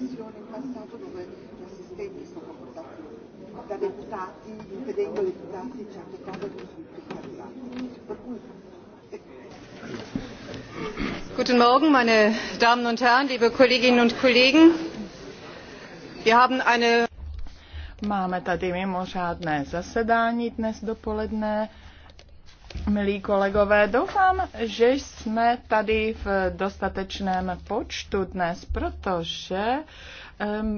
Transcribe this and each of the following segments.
decisione in passato dove gli assistenti sono portati da deputati, impedendo ai deputati certe cose che Guten Morgen, meine Damen und Herren, liebe Kolleginnen und Kollegen. Wir haben eine Máme tady mimořádné zasedání dnes dopoledne. Milí kolegové, doufám, že jsme tady v dostatečném počtu dnes, protože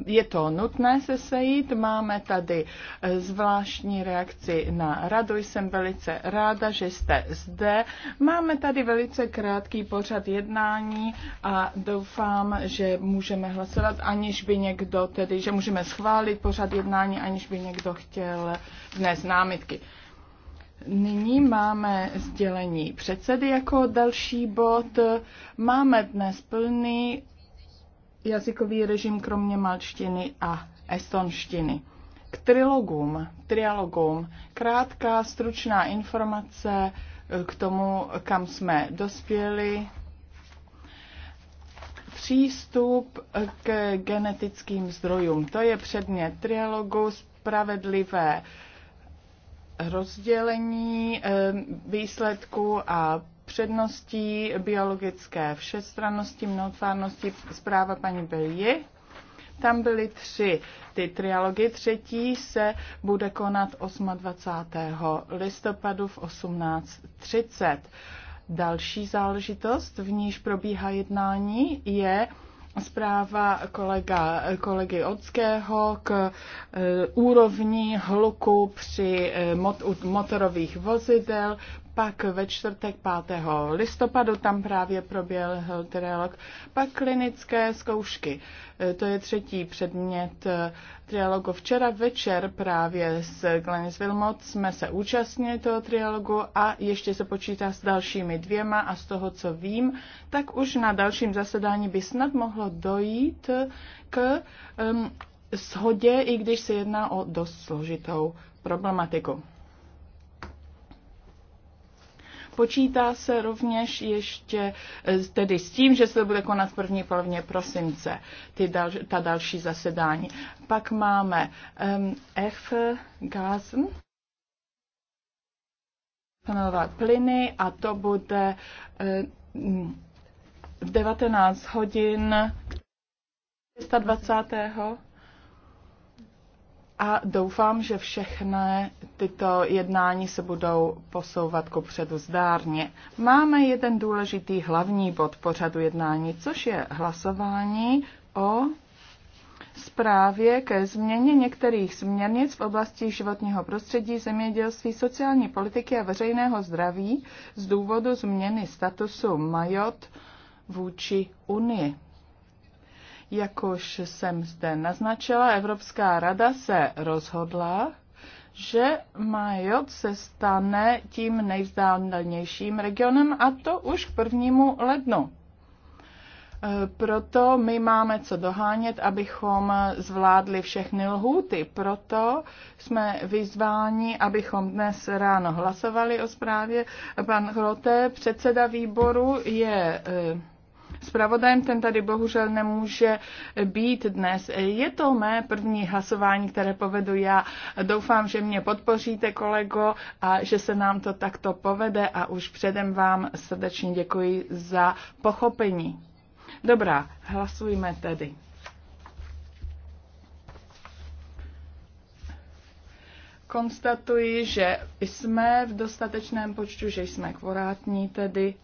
je to nutné se sejít. Máme tady eh, zvláštní reakci na radu. Jsem velice ráda, že jste zde. Máme tady velice krátký pořad jednání a doufám, že můžeme hlasovat, aniž by někdo, tedy, že můžeme schválit pořad jednání, aniž by někdo chtěl dnes námitky. Nyní máme sdělení předsedy jako další bod. Máme dnes plný jazykový režim kromě malštiny a estonštiny. K trilogům, trialogům, krátká stručná informace eh, k tomu, kam jsme dospěli. Přístup eh, k genetickým zdrojům, to je předmět trialogu spravedlivé rozdělení eh, výsledků a předností biologické všestrannosti, mnohotvárnosti, zpráva paní Belie. Tam byly tři ty trialogy. Třetí se bude konat 28. listopadu v 18.30. Další záležitost, v níž probíhá jednání, je zpráva kolega, kolegy Odského k e, úrovni hluku při e, mot, motorových vozidel. Pak ve čtvrtek 5. listopadu tam právě proběhl trialog. Pak klinické zkoušky. E, to je třetí předmět trialogu. Včera večer právě s Glenis Wilmot jsme se účastnili toho trialogu a ještě se počítá s dalšími dvěma a z toho, co vím, tak už na dalším zasedání by snad mohlo mohlo dojít k um, shodě, i když se jedná o dost složitou problematiku. Počítá se rovněž ještě e, tedy s tím, že se to bude konat v první polovině prosince, ty dal, ta další zasedání. Pak máme um, F. Gazen, plyny a to bude um, v 19 hodin 320. A doufám, že všechny tyto jednání se budou posouvat ku předu zdárně. Máme jeden důležitý hlavní bod pořadu jednání, což je hlasování o zprávě ke změně některých směrnic v oblasti životního prostředí, zemědělství, sociální politiky a veřejného zdraví z důvodu změny statusu majot vůči Unii. Jak už jsem zde naznačila, Evropská rada se rozhodla, že Majot se stane tím nejvzdálenějším regionem a to už k prvnímu lednu. E, proto my máme co dohánět, abychom zvládli všechny lhůty. Proto jsme vyzváni, abychom dnes ráno hlasovali o zprávě. Pan Hrote, předseda výboru, je e, zpravodajem, ten tady bohužel nemůže být dnes. Je to mé první hlasování, které povedu já. Doufám, že mě podpoříte, kolego, a že se nám to takto povede a už předem vám srdečně děkuji za pochopení. Dobrá, hlasujme tedy. konstatuji, že jsme v dostatečném počtu, že jsme kvorátní tedy.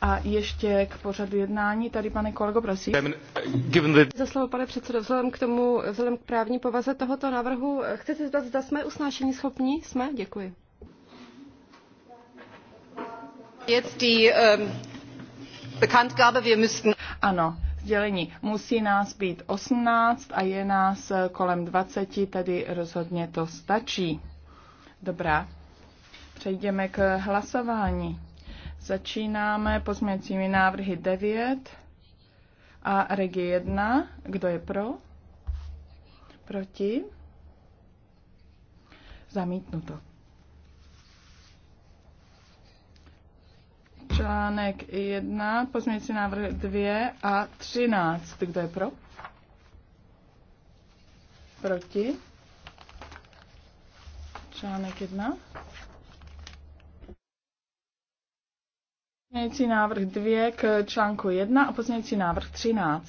A ještě k pořadu jednání, tady pane kolego, prosím. Za slovo, pane předsedo, vzhledem k tomu, vzhledem k právní povaze tohoto návrhu, chci se zeptat, zda jsme usnášení schopní? Jsme? Děkuji. Ähm, ano, sdělení. Musí nás být 18 a je nás eh, kolem 20, tedy rozhodně to stačí. Dobrá, přejdeme k hlasování. Začínáme pozměňovacími návrhy 9 a regi 1. Kdo je pro? Proti? Zamítnuto. Článek 1, pozměňovací návrh 2 a 13. Kdo je pro? Proti? Článek 1. Pozměňující návrh 2 k článku 1 a pozměňující návrh 13.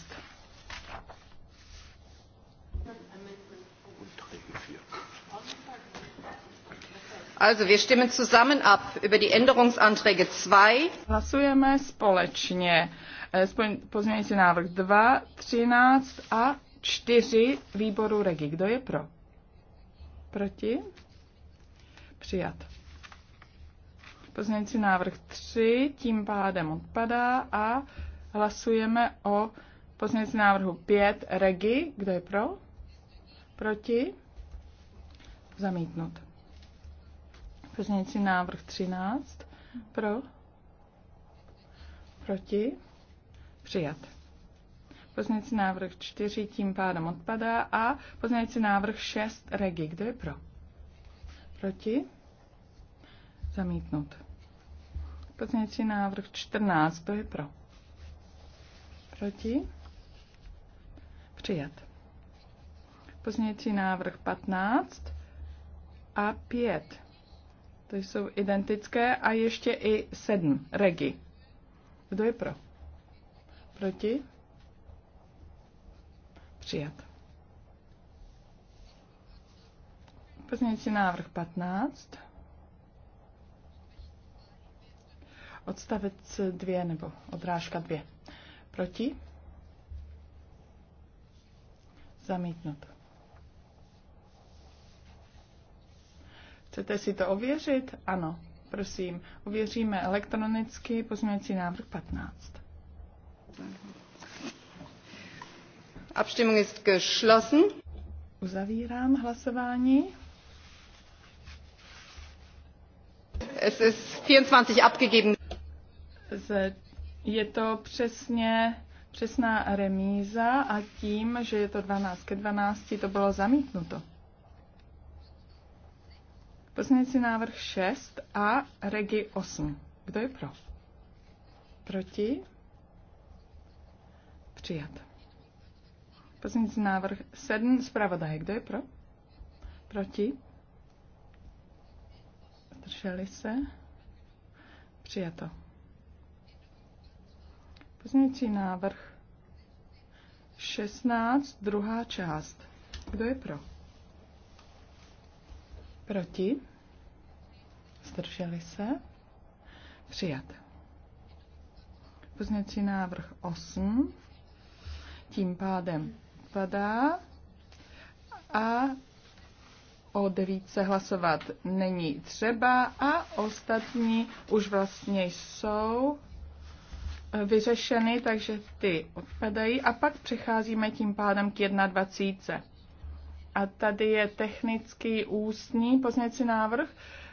Also wir stimmen zusammen ab über die Änderungsanträge 2. Hlasujeme společně eh, pozměňující návrh 2, 13 a 4 výboru Regi. Kdo je pro? Proti? Přijat. Pozměňující návrh 3 tím pádem odpadá a hlasujeme o pozměňující návrhu 5 Regi. Kdo je pro? Proti? Zamítnut. Pozměňující návrh 13 pro? Proti? Přijat. Pozměňující návrh 4 tím pádem odpadá a pozměňující návrh 6 Regi. Kdo je pro? Proti? Zamítnout. Pozměňující návrh 14. Kdo je pro? Proti? Přijat. Pozměňující návrh 15 a 5. To jsou identické a ještě i 7. Regi. Kdo je pro? Proti? Přijat. Pozměňující návrh 15. Odstavec dvě nebo odrážka dvě. Proti? Zamítnout. Chcete si to ověřit? Ano, prosím. Ověříme elektronicky pozměňovací návrh 15. Abstimmung ist geschlossen. Uzavírám hlasování. Es ist 24 abgegeben z, je to přesně přesná remíza a tím, že je to 12 ke 12, to bylo zamítnuto. Pozměňující návrh 6 a regi 8. Kdo je pro? Proti? Přijat. Pozměňující návrh 7 zpravodaj. Kdo je pro? Proti? Zdrželi se? Přijato. Pozměňující návrh 16, druhá část. Kdo je pro? Proti? Zdrželi se? Přijat. Pozněcí návrh 8. Tím pádem padá a o se hlasovat není třeba a ostatní už vlastně jsou vyřešeny, takže ty odpadají a pak přecházíme tím pádem k 21. A tady je technický ústní pozměňovací návrh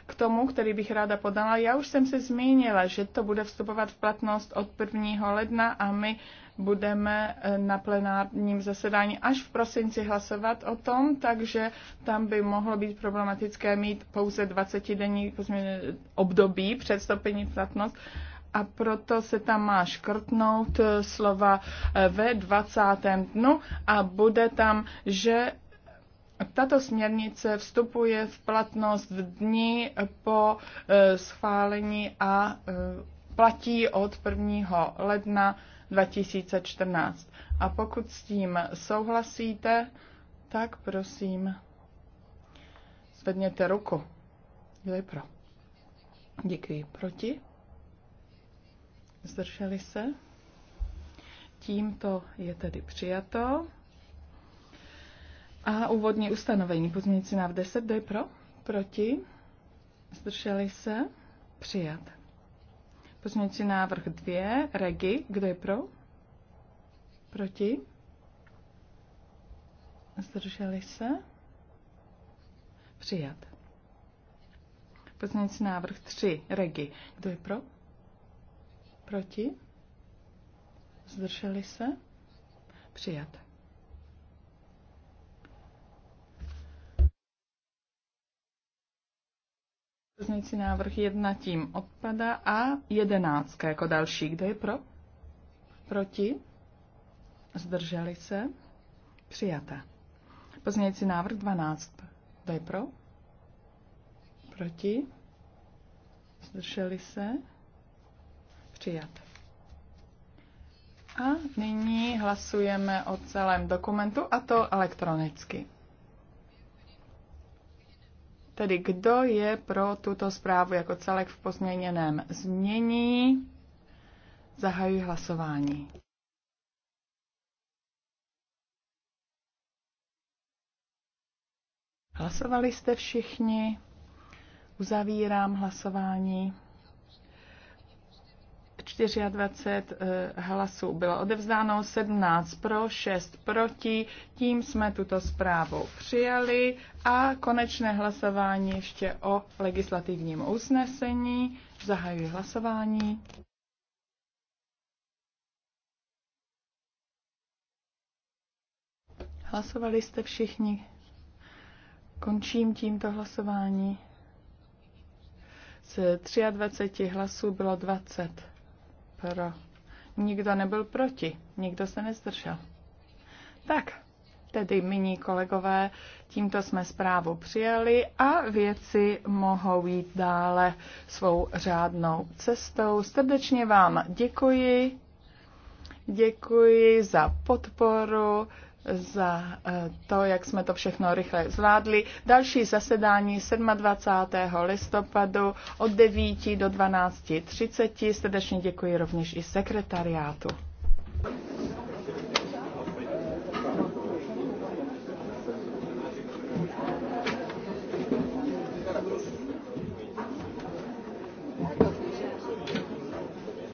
k tomu, který bych ráda podala. Já už jsem se zmínila, že to bude vstupovat v platnost od 1. ledna a my budeme eh, na plenárním zasedání až v prosinci hlasovat o tom, takže tam by mohlo být problematické mít pouze 20-denní období před vstoupením v platnost a proto se tam má škrtnout eh, slova eh, ve 20. dnu a bude tam, že tato směrnice vstupuje v platnost v dní po eh, schválení a platí od 1. ledna 2014. A pokud s tím souhlasíte, tak prosím, zvedněte ruku. Kdo je pro? Děkuji. Proti? Zdrželi se? Tímto je tedy přijato. A úvodní ustanovení pozměnící na 10, kdo je pro? Proti? Zdrželi se? Přijat. Pozměnící návrh 2, Regi, kdo je pro? Proti? Zdrželi se? Přijat. Pozměnící návrh 3, Regi, kdo je pro? Proti? Zdrželi se? Přijat. Pozměňující návrh jedna tím odpada a jedenáctka jako další. Kdo je pro? Proti? Zdrželi se? Přijata. Pozměňující návrh 12. Kdo je pro? Proti? Zdrželi se? Přijat. A nyní hlasujeme o celém dokumentu, a to elektronicky. Tedy kdo je pro tuto zprávu jako celek v pozměněném změní? Zahajuji hlasování. Hlasovali jste všichni? Uzavírám hlasování. 24 eh, hlasů bylo odevzdáno, 17 pro, 6 proti. Tím jsme tuto zprávu přijali a konečné hlasování ještě o legislativním usnesení. Zahajuji hlasování. Hlasovali jste všichni. Končím tímto hlasování. Z 23 hlasů bylo 20 pro. Nikdo nebyl proti, nikdo se nezdržel. Tak, tedy miní kolegové, tímto jsme zprávu přijeli a věci mohou jít dále svou řádnou cestou. Srdečně vám děkuji. Děkuji za podporu, za eh, to, jak jsme to všechno rychle zvládli. Další zasedání 27. listopadu od 9 do 12.30. Srdečně děkuji rovněž i sekretariátu.